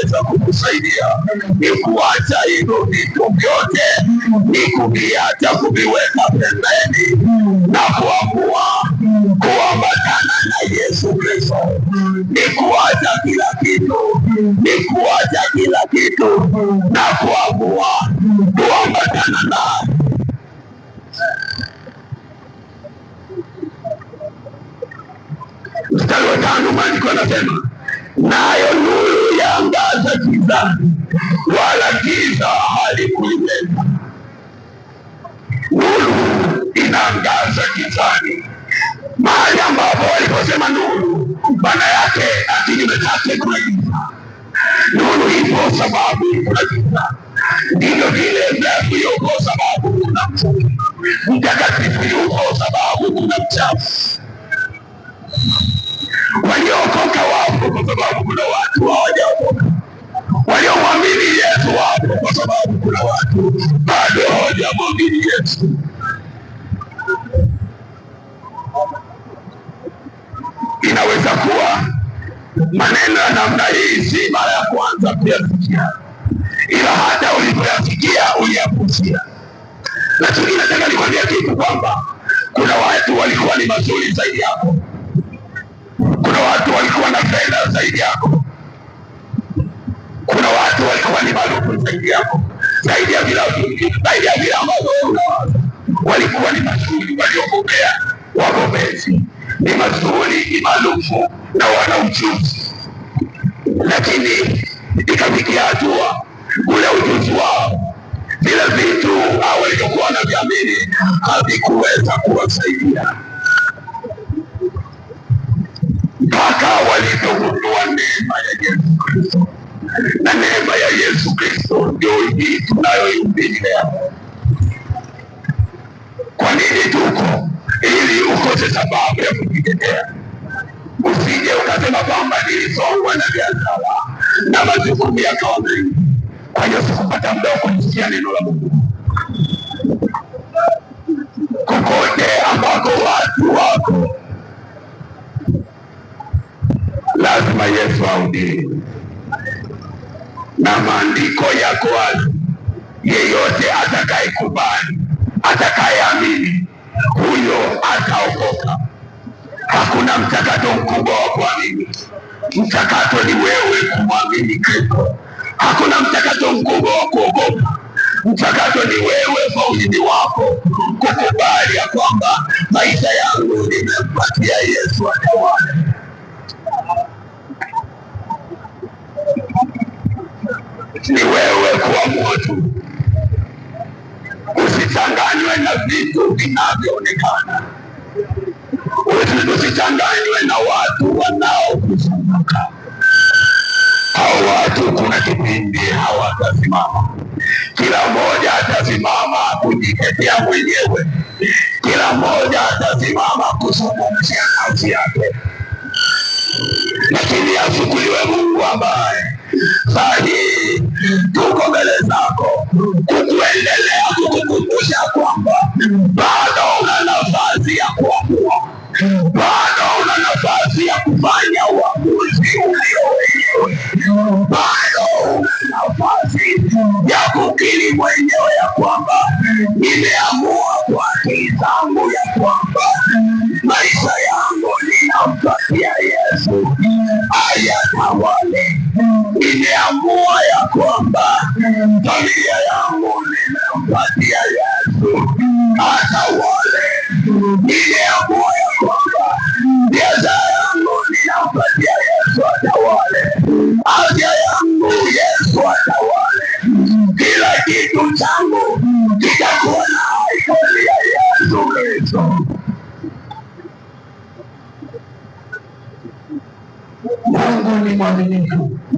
kinachoweza kukusaidia ni kuacha hivyo vitu vyote, ni kuviacha kuviweka pembeni na kuamua kuambatana na Yesu Kristo, ni kuacha kila kitu, ni kuacha kila kitu na kuamua kuambatana naye. Mstari wa tano maandiko anasema nayo nuru yanga hata kizazi wala giza halikuiweza. Nuru inaangaza gizani. Mahali ambapo waliposema nuru, maana yake ati nyuma kuna giza. Nuru ipo sababu kuna giza, ndivyo vile mrefu yuko sababu kuna mfupi, mtakatifu yuko sababu kuna mchafu waliokoka wapo kwa sababu kuna watu hawajaokoka waliomwamini Yesu wapo, kwa sababu kuna watu bado hawajamwamini Yesu. Inaweza kuwa maneno ya namna hii si mara ya kwanza kuyasikia, ila hata ulipoyasikia uliyapuuzia. Lakini nataka nikwambia kitu kwamba kuna watu walikuwa ni mazuri zaidi yako, kuna watu walikuwa na fedha zaidi yako zaidi yako, zaidi ya vilabu zaidi ya vile ambavyo walikuwa ni mashuhuri waliogombea wagombezi, ni mashuhuri, ni maarufu na wana ujuzi, lakini ikafikia hatua ule ujuzi wao vile vitu au walivyokuwa na viamini havikuweza kuwasaidia mpaka walipogundua neema ya Yesu Kristo na neema ya Yesu Kristo ndio hii tunayoihubiri leo. Kwa nini tuko? Ili ukose sababu ya kujitetea, usije ukasema kwamba nilisongwa na biashara na majukumu yakawa mengi, kwa hiyo sikupata muda wa kumsikia neno la Mungu. Kokote ambako watu wako, lazima Yesu audie na maandiko yako wazi, yeyote atakayekubali, atakayeamini huyo ataokoka. Hakuna mchakato mkubwa wa kuamini, mchakato ni wewe kumwamini Kristo. Hakuna mchakato mkubwa wa kuogopa, mchakato ni wewe faulini wako kukubali ya kwamba maisha yangu nimempatia Yesu. ndivyo kinavyoonekana. usichanganywe na watu wanaokuzunguka. Hao watu kuna kipindi hawatasimama, kila mmoja atasimama kujitetea mwenyewe, kila mmoja atasimama kuzungumzia nafsi yake, lakini asifiwe Mungu ambaye saa hii tuko mbele zako kukuendelea nimeamua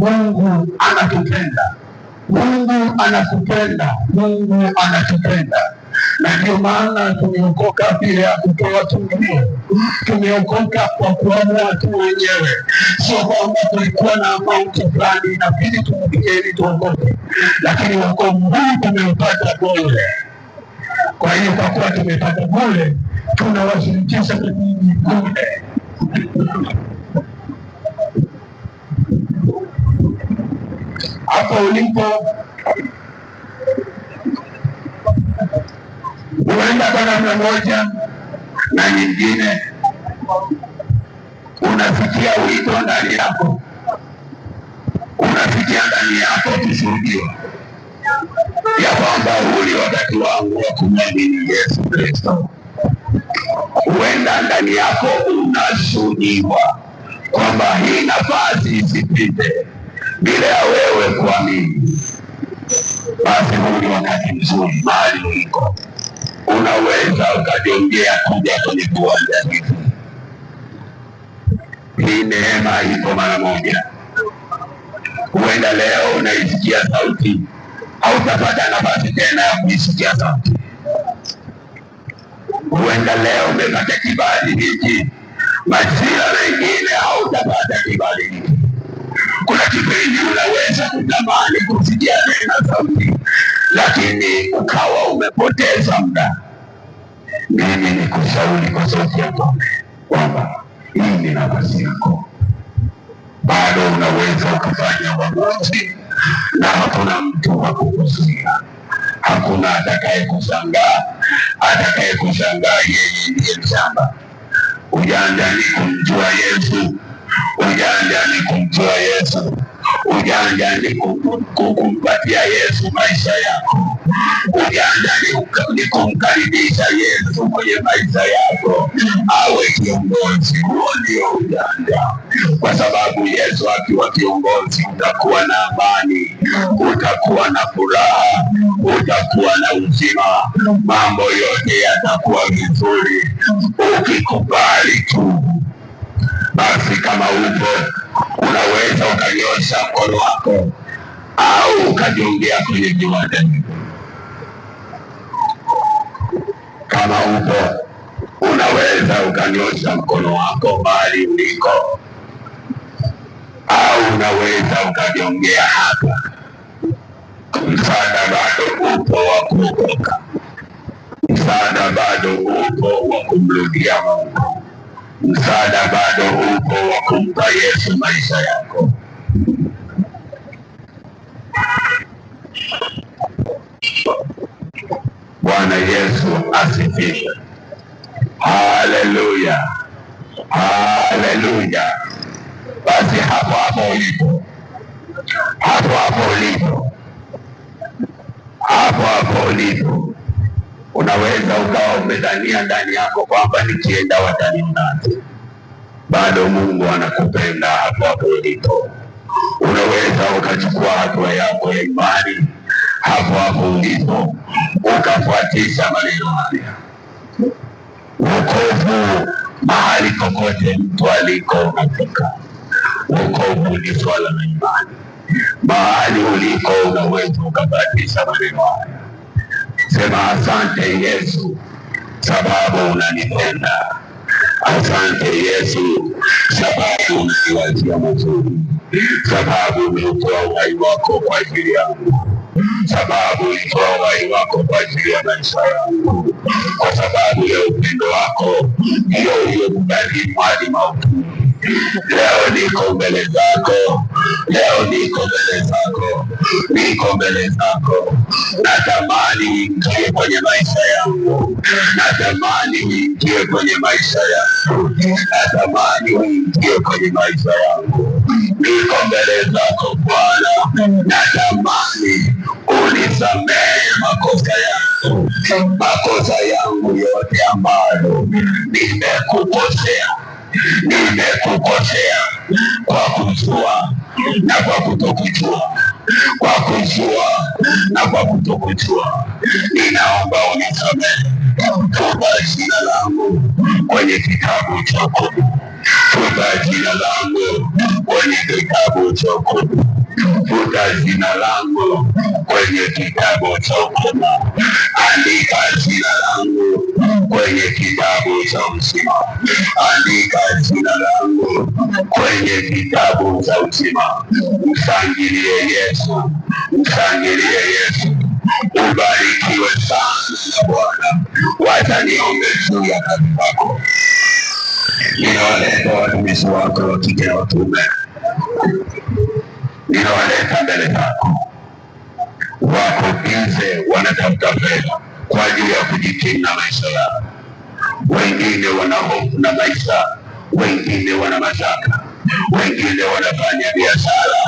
Mungu anatupenda, Mungu anatupenda, Mungu anatupenda na ndio maana tumeokoka bila ya kutoa tungio. Tumeokoka kwa kuamua tu wenyewe, sio kwamba tulikuwa na akaunti fulani inabidi tumupie ili tuokoke, lakini wokovu huu tumeupata bure. Kwa hiyo kwa kuwa tumepata bure, tunawashirikisha nyinyi kule hapo ulipo huenda kwa namna moja na nyingine unafikia wito ndani yako, unafikia ndani yako kushuhudiwa ya kwamba uli wakati wangu wa kumwamini Yesu Kristo. Huenda ndani yako unashuhudiwa kwamba hii nafasi isipite bila ya wewe kuamini. Basi huu ni wakati mzuri, mahali uliko unaweza ukajongea kuja kwenye viwanja hivi. Hii neema iko mara moja. Huenda leo unaisikia sauti, hautapata nafasi tena ya kuisikia sauti. Huenda leo umepata kibali hiki, majira mengine hautapata kibali hiki hivi unaweza kutamani kusikia neno zuri, lakini ukawa umepoteza muda. Mimi nikushauri kwa sauti ya pombe kwamba hii ni nafasi yako, bado unaweza ukafanya uamuzi, na hakuna mtu wa kukuzuia, hakuna atakaye kushangaa, atakaye kushangaa yeye ndiye mshamba. Ujanja ni kumjua Yesu, ujanja ni kumjua Yesu. Ujanja ni kukumpatia Yesu maisha yako. Ujanja ni kumkaribisha Yesu kwenye maisha yako awe kiongozi. Huo ndio ujanja, kwa sababu Yesu akiwa kiongozi utakuwa na amani, utakuwa na furaha, utakuwa na uzima, mambo yote yatakuwa vizuri ukikubali tu. Basi kama upo kunyoosha mkono wako au ukajongea kwenye hivyo. kama upo unaweza ukanyosha mkono wako mbali uliko, au unaweza ukajongea hapa. Msaada bado upo wa kuokoka, msaada bado upo wa kumrudia Mungu, msaada bado upo wa kumpa Yesu maisha yako. Bwana Yesu asifiwe. Haleluya, haleluya. Basi hapo hapo ulipo, hapo hapo ulipo, hapo hapo ulipo, unaweza ukawa umedhania ndani yako kwamba nikienda wataniunazi. Bado Mungu anakupenda hapo hapo ulipo. Unaweza ukachukua hatua yako ya imani hapo hapo ulipo, ukafuatisha maneno haya. Wokovu mahali kokote mtu aliko unafika. Wokovu ni swala la imani. Mahali uliko unaweza ukafuatisha maneno haya. Sema asante Yesu, sababu unanipenda. Asante Yesu, sababu unaniwazia mazuri, sababu umeokoa uhai wako kwa ajili yangu sababu ilitoa uhai wako kwa ajili ya maisha yangu, kwa sababu ya upendo wako ndio uliokubariki mwali mauti. Leo niko mbele zako, leo niko mbele zako, niko mbele zako. Natamani uingie kwenye maisha yangu, natamani uingie kwenye maisha yangu, natamani uingie kwenye maisha yangu. Niko mbele zako Bwana, natamani unisamehe makosa yangu, makosa yangu yote ambayo nimekukosea nimekukosea kwa kujua na kwa kutokujua, kwa kujua na kwa kutokujua. Ninaomba unisamehe. Tuba jina langu kwenye kitabu cha hukumu, tuba jina langu kwenye kitabu cha hukumu, futa jina langu kwenye kitabu cha hukumu, andika jina langu kwenye kitabu cha uzima. Andika jina langu kwenye kitabu cha uzima. Usangilie Yesu, usangilie Yesu. Ubarikiwe sana Bwana. Wacha niombe juu ya kazi zako, ninawaleta watumishi wako wa kike na watume, ninawaleta mbele zako, wako bize, wanatafuta fedha kwa ajili ya kujikimu maisha yao. Wengine wana hofu na maisha, wengine wana mashaka, wengine wanafanya biashara,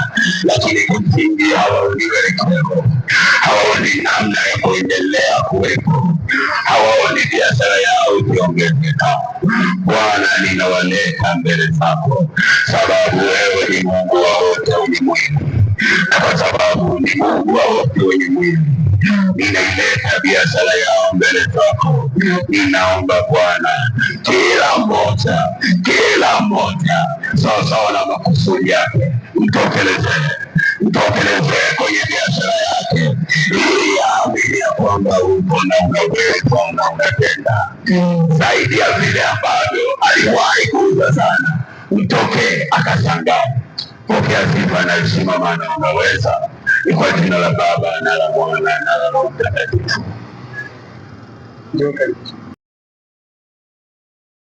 lakini kimsingi hawaoni welekeo, hawaoni namna ya kuendelea kuwepo, hawaoni biashara yao ikiongezeka. Bwana, ninawaleta mbele zako. wote wenye mwili. Ninaileta biashara yao mbele zako, ninaomba Bwana, kila mmoja kila mmoja sawasawa na makusudi yake, mtokelezee mtokelezee kwenye biashara yake, ili aamini ya kwamba upo na unaweza na unatenda zaidi ya vile ambavyo aliwahi kuuza sana. Mtokee akashangaa. Pokea sifa na heshima, maana unaweza ni kwa jina la Baba na la Mwana na la Roho Mtakatifu.